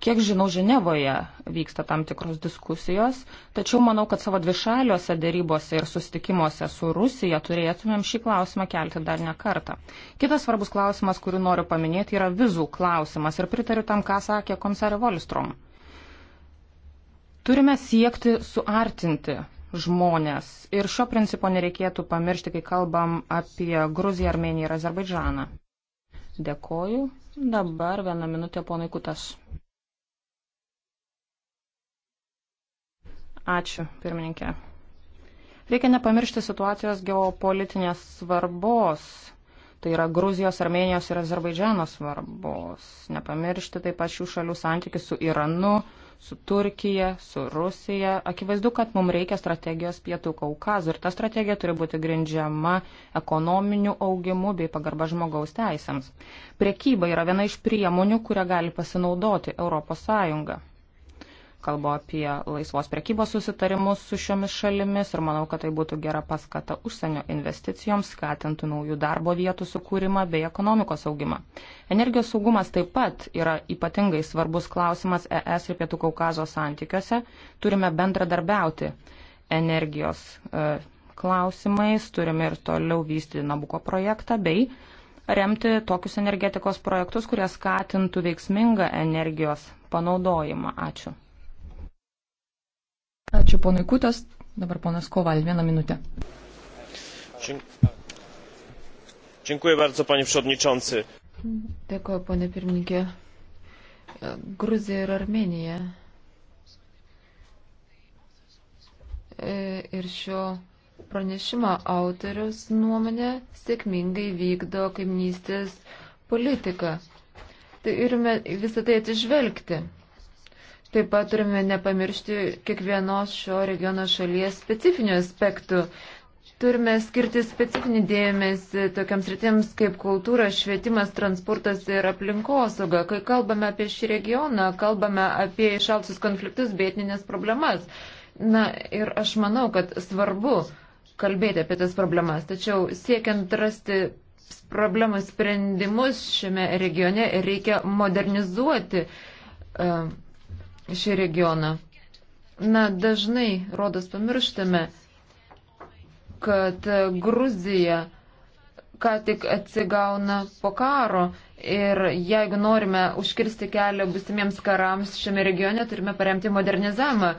Kiek žinau, Ženevoje vyksta tam tikros diskusijos, tačiau manau, kad savo dvišaliuose dėrybose ir sustikimuose su Rusija turėtumėm šį klausimą kelti dar ne kartą. Kitas svarbus klausimas, kurį noriu paminėti, yra vizų klausimas ir pritariu tam, ką sakė komisarė Volstrom. Turime siekti suartinti žmonės. Ir šio principo nereikėtų pamiršti, kai kalbam apie Gruziją, Armeniją ir Azerbaidžaną. Dėkoju. Dabar vieną minutę ponai Kutas. Ačiū, pirmininkė. Reikia nepamiršti situacijos geopolitinės svarbos tai yra Gruzijos, Armenijos ir Azerbaidžiano svarbos. Nepamiršti taip pat šių šalių santykių su Iranu, su Turkija, su Rusija. Akivaizdu, kad mums reikia strategijos Pietų Kaukazų ir ta strategija turi būti grindžiama ekonominiu augimu bei pagarba žmogaus teisėms. Priekyba yra viena iš priemonių, kurią gali pasinaudoti ES kalbu apie laisvos prekybos susitarimus su šiomis šalimis ir manau, kad tai būtų gera paskata užsienio investicijoms, skatintų naujų darbo vietų sukūrimą bei ekonomikos augimą. Energijos saugumas taip pat yra ypatingai svarbus klausimas ES ir Pietų Kaukazo santykiuose. Turime bendradarbiauti energijos e, klausimais, turime ir toliau vystyti Nabuko projektą bei remti tokius energetikos projektus, kurie skatintų veiksmingą energijos panaudojimą. Ačiū. Ačiū ponui Kutas. Dabar ponas Koval, vieną minutę. Dziękuję bardzo, panie przewodniczący. Dėkuoju, ponė pirmininkė. Gruzija ir Armenija. Ir šio pranešimo autorius nuomonė sėkmingai vykdo kaimnystės politiką. Tai ir visą tai atsižvelgti. Taip pat turime nepamiršti kiekvienos šio regiono šalies specifinių aspektų. Turime skirti specifinį dėmesį tokiams rytėms kaip kultūra, švietimas, transportas ir aplinkosauga. Kai kalbame apie šį regioną, kalbame apie išalcusius konfliktus, bėtninės problemas. Na ir aš manau, kad svarbu kalbėti apie tas problemas. Tačiau siekiant rasti problemų sprendimus šiame regione, reikia modernizuoti. Uh, šį regioną. Na, dažnai, rodos, pamirštame, kad Gruzija ką tik atsigauna po karo ir jeigu norime užkirsti kelią būsimiems karams šiame regione, turime paremti modernizavimą,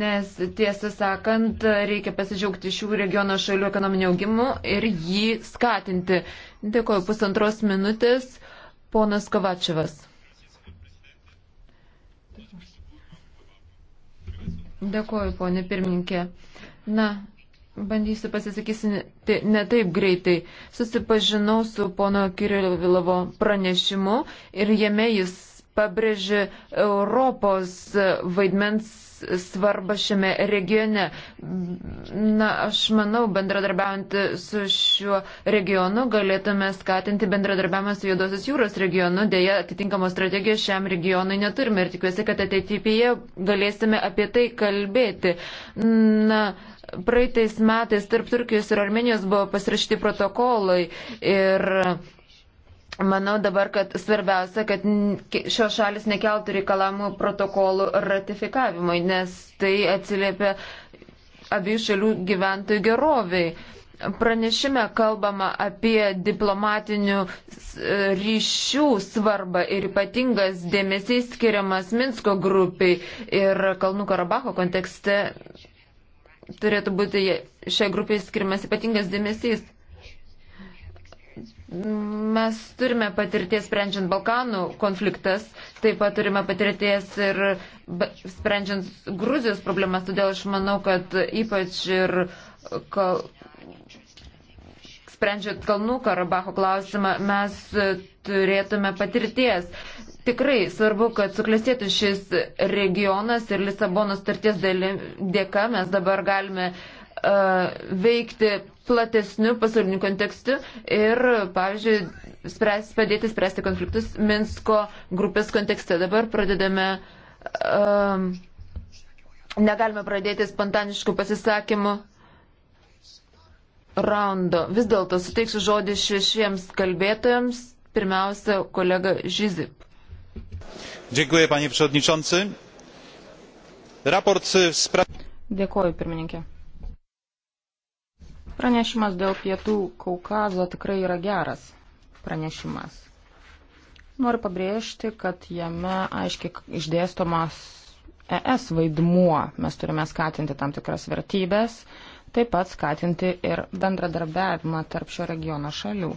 nes tiesą sakant, reikia pasidžiaugti šių regiono šalių ekonominio augimu ir jį skatinti. Dėkuoju, pusantros minutės, ponas Kovačevas. Dėkuoju, ponė pirmininkė. Na, Bandysiu pasisakysinti ne taip greitai. Susipažinau su pono Kirilovo pranešimu ir jame jis pabrėžė Europos vaidmens svarbą šiame regione. Na, aš manau, bendradarbiaujant su šiuo regionu galėtume skatinti bendradarbiavimą su Juodosios jūros regionu. Deja, atitinkamos strategijos šiam regionui neturime ir tikiuosi, kad ateityje galėsime apie tai kalbėti. Na, praeitais metais tarp Turkijos ir Armenijos buvo pasirašyti protokolai ir Manau dabar, kad svarbiausia, kad šios šalis nekeltų reikalamų protokolų ratifikavimui, nes tai atsiliepia abiejų šalių gyventojų geroviai. Pranešime kalbama apie diplomatinių e, ryšių svarbą ir ypatingas dėmesys skiriamas Minsko grupiai ir Kalnų Karabacho kontekste turėtų būti šiai grupiai skiriamas ypatingas dėmesys. Mes turime patirties sprendžiant Balkanų konfliktas, taip pat turime patirties ir sprendžiant Gruzijos problemas, todėl aš manau, kad ypač ir kal... sprendžiant Kalnų Karabacho klausimą mes turėtume patirties. Tikrai svarbu, kad suklestėtų šis regionas ir Lisabonos starties dėka mes dabar galime uh, E, veikti platesniu pasauliniu kontekstu ir, pavyzdžiui, spręs, padėti spręsti konfliktus Minsko grupės kontekste. Dabar pradedame. Um, negalime pradėti spontaniškų pasisakymų raundo. Vis dėlto suteiksiu žodį šešiems kalbėtojams. Pirmiausia, kolega Žizip. Dėkuoju, panie Przewodniczący. Raport spraw... Dėkuoju, pirmininkė. Pranešimas dėl pietų Kaukazo tikrai yra geras pranešimas. Noriu pabrėžti, kad jame aiškiai išdėstomas ES vaidmuo. Mes turime skatinti tam tikras vertybės, taip pat skatinti ir bendradarbiavimą tarp šio regiono šalių.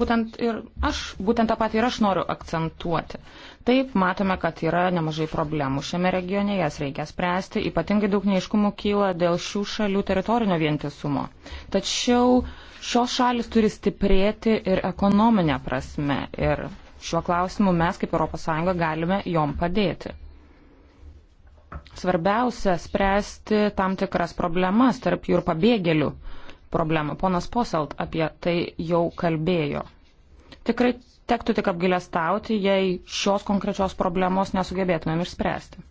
Būtent, ir aš, būtent tą patį ir aš noriu akcentuoti. Taip, matome, kad yra nemažai problemų šiame regione, jas reikia spręsti, ypatingai daug neiškumų kyla dėl šių šalių teritorinio vientisumo. Tačiau šios šalis turi stiprėti ir ekonominė prasme ir šiuo klausimu mes kaip ES galime jom padėti. Svarbiausia spręsti tam tikras problemas tarp jų ir pabėgėlių problemą. Ponas Poselt apie tai jau kalbėjo. Tikrai tektų tik apgailestauti, jei šios konkrečios problemos nesugebėtumėm išspręsti.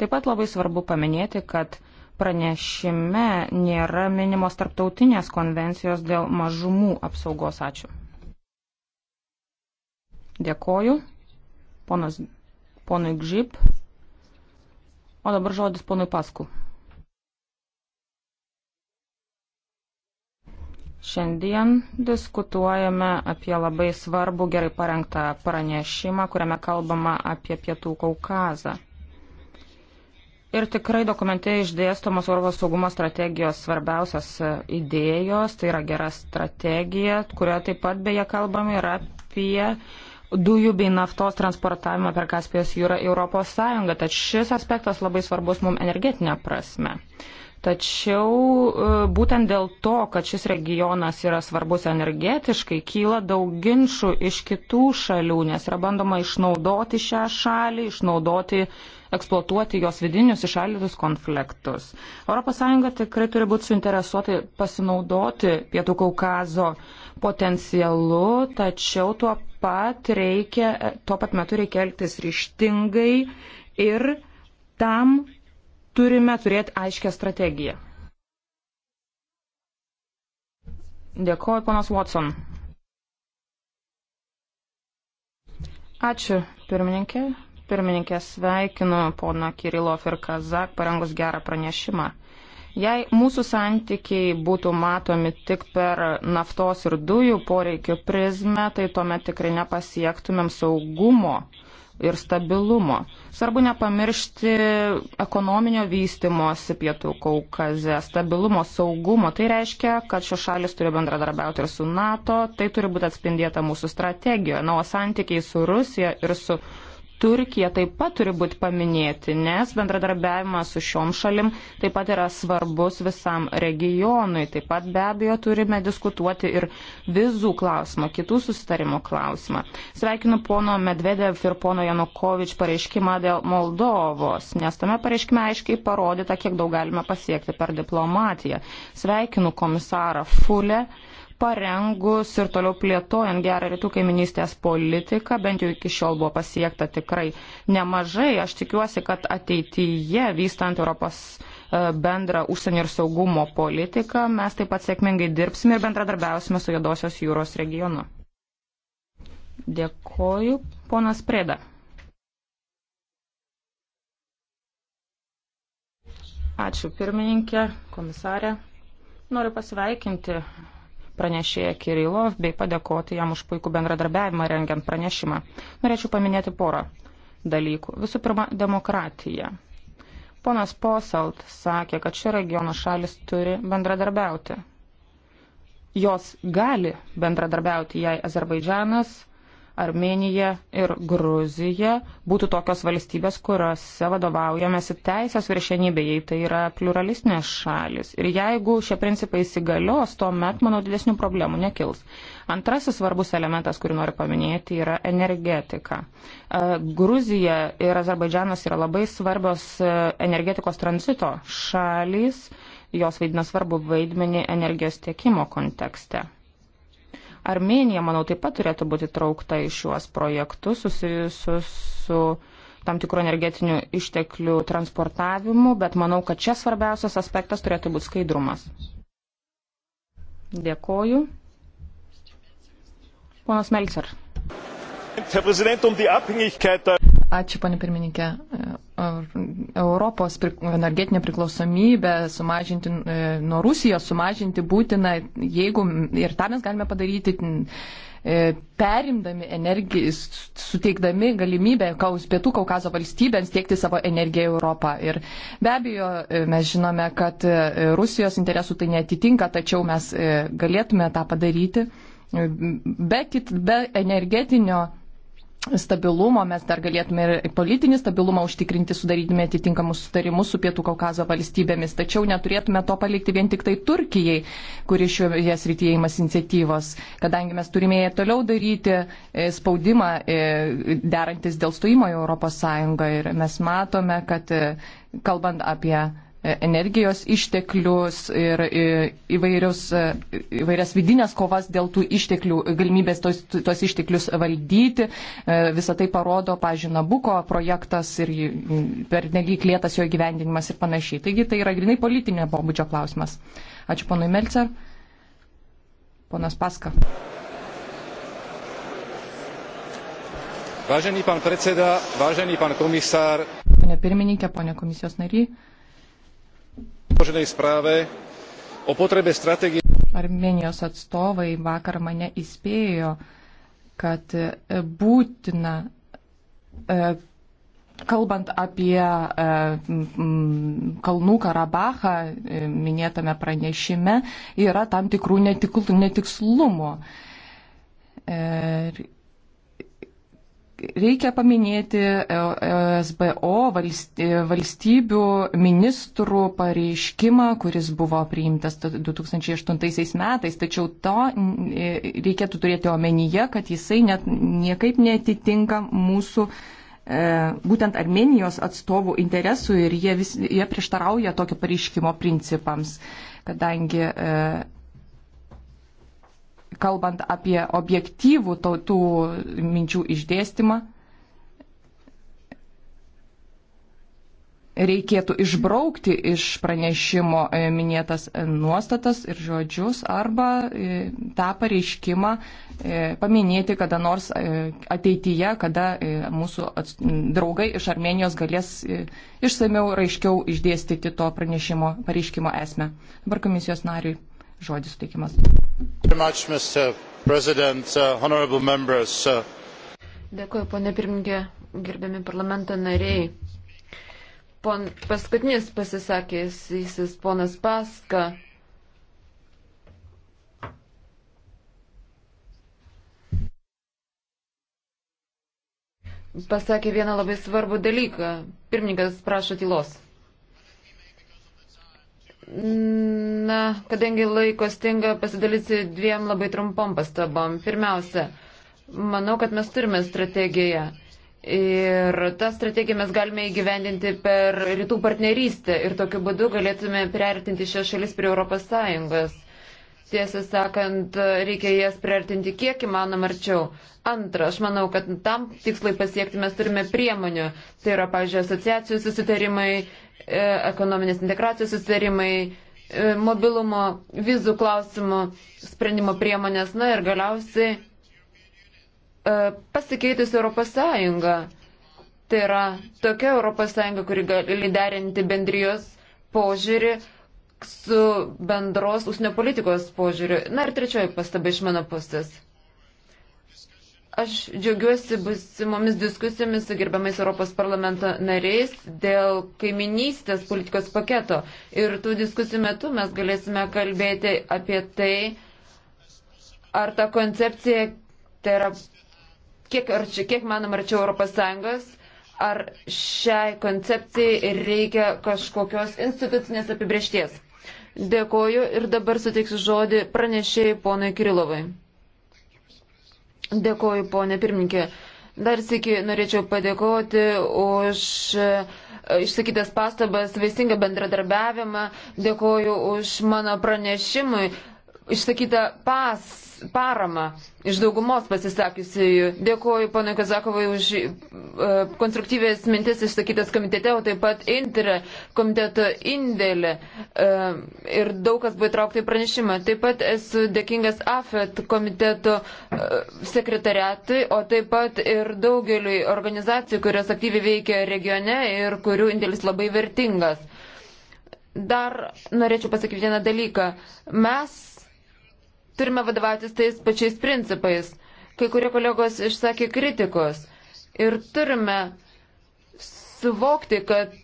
Taip pat labai svarbu paminėti, kad pranešime nėra minimos tarptautinės konvencijos dėl mažumų apsaugos. Ačiū. Dėkoju. Ponas, ponui Gžip. O dabar žodis ponui Pasku. Šiandien diskutuojame apie labai svarbų gerai parengtą pranešimą, kuriame kalbama apie Pietų Kaukazą. Ir tikrai dokumente išdėstomos Europos saugumo strategijos svarbiausias idėjos, tai yra gera strategija, kurioje taip pat beje kalbame ir apie dujų bei naftos transportavimą per Kaspijos jūrą Europos Sąjungą. Tad šis aspektas labai svarbus mums energetinė prasme. Tačiau e, būtent dėl to, kad šis regionas yra svarbus energetiškai, kyla daug ginčių iš kitų šalių, nes yra bandoma išnaudoti šią šalį, išnaudoti, eksploatuoti jos vidinius išalytus konfliktus. ES tikrai turi būti suinteresuoti pasinaudoti Pietų Kaukazo potencialu, tačiau tuo pat, reikia, tuo pat metu reikia elgtis ryštingai ir tam turime turėti aiškę strategiją. Dėkoju, panas Watson. Ačiū, pirmininkė. Pirmininkė sveikinu poną Kirilov ir Kazak parengus gerą pranešimą. Jei mūsų santykiai būtų matomi tik per naftos ir dujų poreikio prizmę, tai tuomet tikrai nepasiektumėm saugumo ir stabilumo. Svarbu nepamiršti ekonominio vystimosi pietų Kaukaze, stabilumo, saugumo. Tai reiškia, kad šios šalis turi bendradarbiauti ir su NATO, tai turi būti atspindėta mūsų strategijoje. Na, o santykiai su Rusija ir su Turkija taip pat turi būti paminėti, nes bendradarbiavimas su šiom šalim taip pat yra svarbus visam regionui. Taip pat be abejo turime diskutuoti ir vizų klausimą, kitų susitarimų klausimą. Sveikinu pono Medvedev ir pono Janukovič pareiškimą dėl Moldovos, nes tame pareiškime aiškiai parodyta, kiek daug galime pasiekti per diplomatiją. Sveikinu komisarą Fulę parengus ir toliau plėtojant gerą rytų kaiminystės politiką, bent jau iki šiol buvo pasiekta tikrai nemažai. Aš tikiuosi, kad ateityje, vystant Europos e, bendrą užsienio ir saugumo politiką, mes taip pat sėkmingai dirbsime ir bendradarbiausime su Jodosios jūros regionu. Dėkoju, ponas Preda. Ačiū pirmininkė, komisarė. Noriu pasveikinti pranešėją Kirilov bei padėkoti jam už puikų bendradarbiavimą rengiant pranešimą. Norėčiau paminėti porą dalykų. Visų pirma, demokratija. Ponas Posalt sakė, kad šio regiono šalis turi bendradarbiauti. Jos gali bendradarbiauti, jei Azerbaidžanas Armenija ir Gruzija būtų tokios valstybės, kuriuose vadovaujamėsi teisės viršenybėje, tai yra pluralistinės šalis. Ir jeigu šie principai įsigalios, tuomet, manau, didesnių problemų nekils. Antrasis svarbus elementas, kurį noriu paminėti, yra energetika. E, Gruzija ir Azerbaidžianas yra labai svarbios e, energetikos tranzito šalys, jos vaidina svarbu vaidmenį energijos tiekimo kontekste. Armenija, manau, taip pat turėtų būti traukta į šiuos projektus susijusius su tam tikrų energetinių išteklių transportavimu, bet manau, kad čia svarbiausias aspektas turėtų būti skaidrumas. Dėkoju. Ponas Melcer. Herr Präsident, um die Abhängigkeit der Ačiū, panė pirmininkė. Europos energetinė priklausomybė sumažinti e, nuo Rusijos sumažinti būtina, jeigu ir tą mes galime padaryti e, perimdami energiją, suteikdami galimybę Pietų Kaukazo valstybėms tiekti savo energiją Europą. Ir be abejo, e, mes žinome, kad Rusijos interesų tai netitinka, tačiau mes galėtume tą padaryti be, kit, be energetinio stabilumo, mes dar galėtume ir politinį stabilumą užtikrinti, sudarydami atitinkamus sustarimus su Pietų Kaukazo valstybėmis. Tačiau neturėtume to palikti vien tik tai Turkijai, kuri šioje srityje įmas iniciatyvos, kadangi mes turime jie toliau daryti e, spaudimą e, derantis dėl stojimo į ES. Ir mes matome, kad e, kalbant apie E, energijos išteklius ir e, įvairius, e, įvairias vidinės kovas dėl tų išteklių, galimybės tos, tos išteklius valdyti. Visą tai parodo, pažiūrėjau, Nabuko projektas ir per nelyg lėtas jo gyvendinimas ir panašiai. Taigi tai yra grinai politinio pobūdžio klausimas. Ačiū ponui Melcer. Ponas Paska. Vážený pán predseda, vážený pán komisár. Pane pirmininkė, pane komisijos nariai predloženej správe o potrebe stratégie. Armenijos atstovai vakar mane įspėjo, kad e, būtina, e, kalbant apie e, Kalnų Karabachą minėtame pranešime, yra tam tikrų netikslumų. Ir Reikia paminėti e SBO valstybių ministrų pareiškimą, kuris buvo priimtas 2008 metais, tačiau to reikėtų turėti omenyje, kad jisai net niekaip netitinka mūsų e, būtent Armenijos atstovų interesų ir jie, vis, jie prieštarauja tokio pareiškimo principams, kadangi e, kalbant apie objektyvų tautų minčių išdėstymą, reikėtų išbraukti iš pranešimo e, minėtas nuostatas ir žodžius arba e, tą pareiškimą e, paminėti kada nors ateityje, kada mūsų draugai iš Armenijos galės išsameu, raiškiau išdėstyti to pranešimo pareiškimo esmę. Dabar komisijos nariui žodis suteikimas. Uh, uh. Dėkuoju, ponė pirmininkė, gerbiami parlamento nariai. Pon, paskutinis pasisakęs jis ponas Paska. Pasakė vieną labai svarbų dalyką. Pirmininkas prašo tylos. Na, kadangi laiko stinga, pasidalysiu dviem labai trumpom pastabom. Pirmiausia, manau, kad mes turime strategiją. Ir tą strategiją mes galime įgyvendinti per rytų partnerystę ir tokiu būdu galėtume priartinti šias šalis prie Europos Sąjungos tiesą sakant, reikia jas priartinti kiek įmanoma arčiau. Antra, aš manau, kad tam tikslai pasiekti mes turime priemonių. Tai yra, pavyzdžiui, asociacijų susitarimai, e, ekonominės integracijos susitarimai, e, mobilumo, vizų klausimų, sprendimo priemonės, na ir galiausiai e, pasikeitusi Europos Sąjunga. Tai yra tokia Europos Sąjunga, kuri gali derinti bendrijos požiūrį su bendros užsienio politikos požiūriu. Na ir trečioji pastaba iš mano pusės. Aš džiaugiuosi busimomis diskusijomis su gerbiamais Europos parlamento nariais dėl kaiminystės politikos paketo. Ir tų diskusijų metu mes galėsime kalbėti apie tai, ar ta koncepcija, tai yra kiek, arči, kiek manom arčiau Europos Sąjungos, ar šiai koncepcijai reikia kažkokios institucinės apibriešties. Dėkoju ir dabar suteiksiu žodį pranešėjai ponai Kirilovai. Dėkoju, ponė pirmininkė. Dar sėki norėčiau padėkoti už e, išsakytas pastabas, vaisingą bendradarbiavimą. Dėkoju už mano pranešimui išsakytą pas paramą iš daugumos pasisakiusiųjų. Dėkuoju ponui Kazakovui už e, konstruktyvės mintis išsakytas komitete, o taip pat Interė komiteto indėlį e, ir daug kas buvo įtraukta į pranešimą. Taip pat esu dėkingas AFET komiteto e, sekretariatui, o taip pat ir daugeliui organizacijų, kurios aktyviai veikia regione ir kurių indėlis labai vertingas. Dar norėčiau pasakyti vieną dalyką. Mes turime vadovautis tais pačiais principais. Kai kurie kolegos išsakė kritikos ir turime suvokti, kad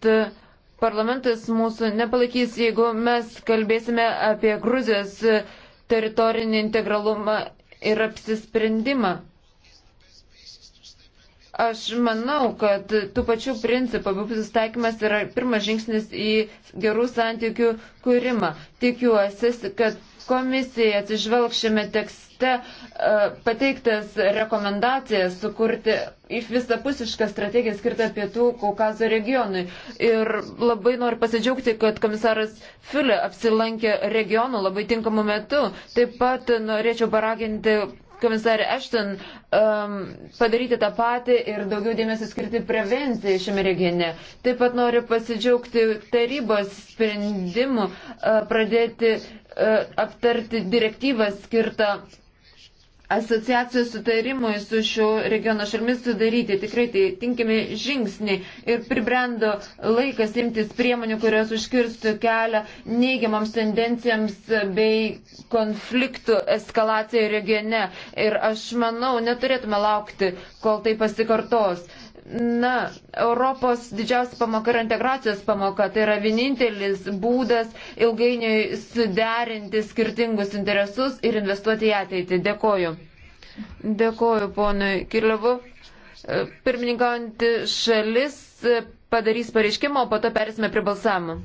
parlamentas mūsų nepalaikys, jeigu mes kalbėsime apie Gruzijos teritorinį integralumą ir apsisprendimą. Aš manau, kad tų pačių principų abipusis taikymas yra pirmas žingsnis į gerų santykių kūrimą. Tikiuosi, kad komisijai atsižvelgšime tekste e, pateiktas rekomendacijas sukurti visapusišką strategiją skirtą pietų Kaukazo regionui. Ir labai noriu pasidžiaugti, kad komisaras Filė apsilankė regionų labai tinkamu metu. Taip pat norėčiau paraginti komisarė Ashton um, padaryti tą patį ir daugiau dėmesio skirti prevencijai šiame regione. Taip pat noriu pasidžiaugti tarybos sprendimu uh, pradėti uh, aptarti direktyvą skirtą asociacijos sutarimui su šio regiono šalimis sudaryti. Tikrai tai tinkimi žingsniai ir pribrendo laikas imtis priemonių, kurios užkirstų kelią neigiamams tendencijams bei konfliktų eskalacijai regione. Ir aš manau, neturėtume laukti, kol tai pasikartos. Na, Europos didžiausia pamoka yra integracijos pamoka. Tai yra vienintelis būdas ilgainiui suderinti skirtingus interesus ir investuoti į ateitį. Dėkoju. Dėkoju ponui Kirlivu. E, Pirmininkaujantį šalis padarys pareiškimą, o po to perėsime prie balsavimo.